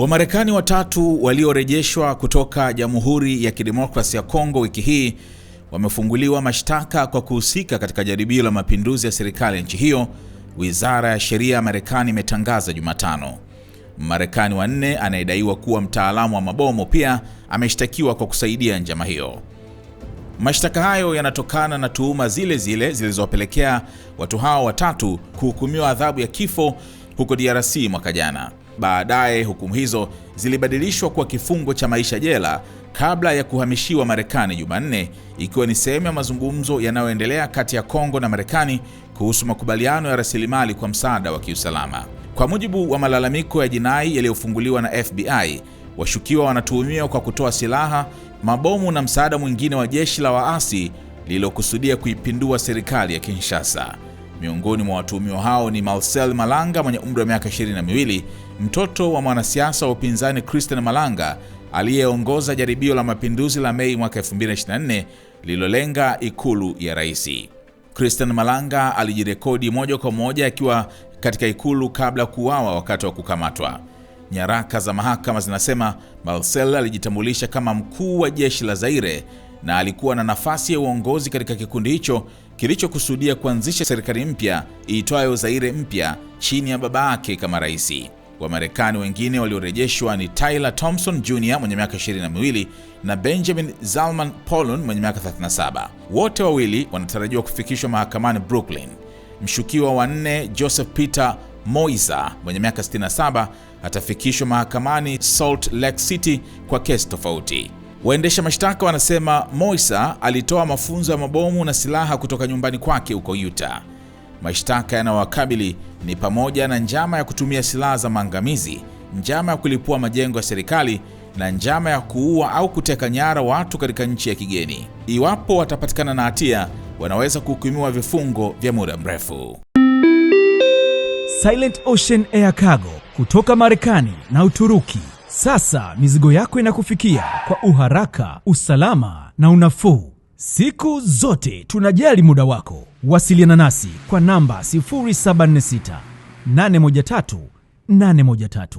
Wamarekani watatu waliorejeshwa kutoka Jamhuri ya Kidemokrasia ya Kongo wiki hii wamefunguliwa mashtaka kwa kuhusika katika jaribio la mapinduzi ya serikali ya nchi hiyo, Wizara ya Sheria ya Marekani imetangaza Jumatano. Marekani wanne anayedaiwa kuwa mtaalamu wa mabomu pia ameshtakiwa kwa kusaidia njama hiyo. Mashtaka hayo yanatokana na tuhuma zile zile zilizowapelekea watu hao watatu kuhukumiwa adhabu ya kifo huko DRC mwaka jana. Baadaye hukumu hizo zilibadilishwa kwa kifungo cha maisha jela kabla ya kuhamishiwa Marekani Jumanne, ikiwa ni sehemu ya mazungumzo yanayoendelea kati ya Kongo na Marekani kuhusu makubaliano ya rasilimali kwa msaada wa kiusalama. Kwa mujibu wa malalamiko ya jinai yaliyofunguliwa na FBI, washukiwa wanatuhumiwa kwa kutoa silaha, mabomu na msaada mwingine wa jeshi la waasi lililokusudia kuipindua serikali ya Kinshasa. Miongoni mwa watuhumiwa hao ni Marcel Malanga mwenye umri wa miaka ishirini na miwili, mtoto wa mwanasiasa wa upinzani Christian Malanga aliyeongoza jaribio la mapinduzi la Mei mwaka 2024 lililolenga ikulu ya rais. Christian Malanga alijirekodi moja kwa moja akiwa katika ikulu kabla ya kuuawa wakati wa kukamatwa. Nyaraka za mahakama zinasema Marcel alijitambulisha kama mkuu wa jeshi la Zaire na alikuwa na nafasi ya uongozi katika kikundi hicho kilichokusudia kuanzisha serikali mpya iitwayo Zaire mpya chini ya baba yake kama rais. Wamarekani wengine waliorejeshwa ni Tyler Thompson Jr mwenye miaka 22 na Benjamin Zalman Polon mwenye miaka 37. Wote wawili wanatarajiwa kufikishwa mahakamani Brooklyn. Mshukiwa wa nne Joseph Peter Moisa mwenye miaka 67 atafikishwa mahakamani Salt Lake City kwa kesi tofauti. Waendesha mashtaka wanasema Moisa alitoa mafunzo ya mabomu na silaha kutoka nyumbani kwake huko Utah. Mashtaka yanayowakabili ni pamoja na njama ya kutumia silaha za maangamizi, njama ya kulipua majengo ya serikali na njama ya kuua au kuteka nyara watu katika nchi ya kigeni. Iwapo watapatikana na hatia, wanaweza kuhukumiwa vifungo vya muda mrefu. Silent Ocean Air Cargo kutoka Marekani na Uturuki sasa mizigo yako inakufikia kwa uharaka, usalama na unafuu. Siku zote tunajali muda wako. Wasiliana nasi kwa namba 076 813 813.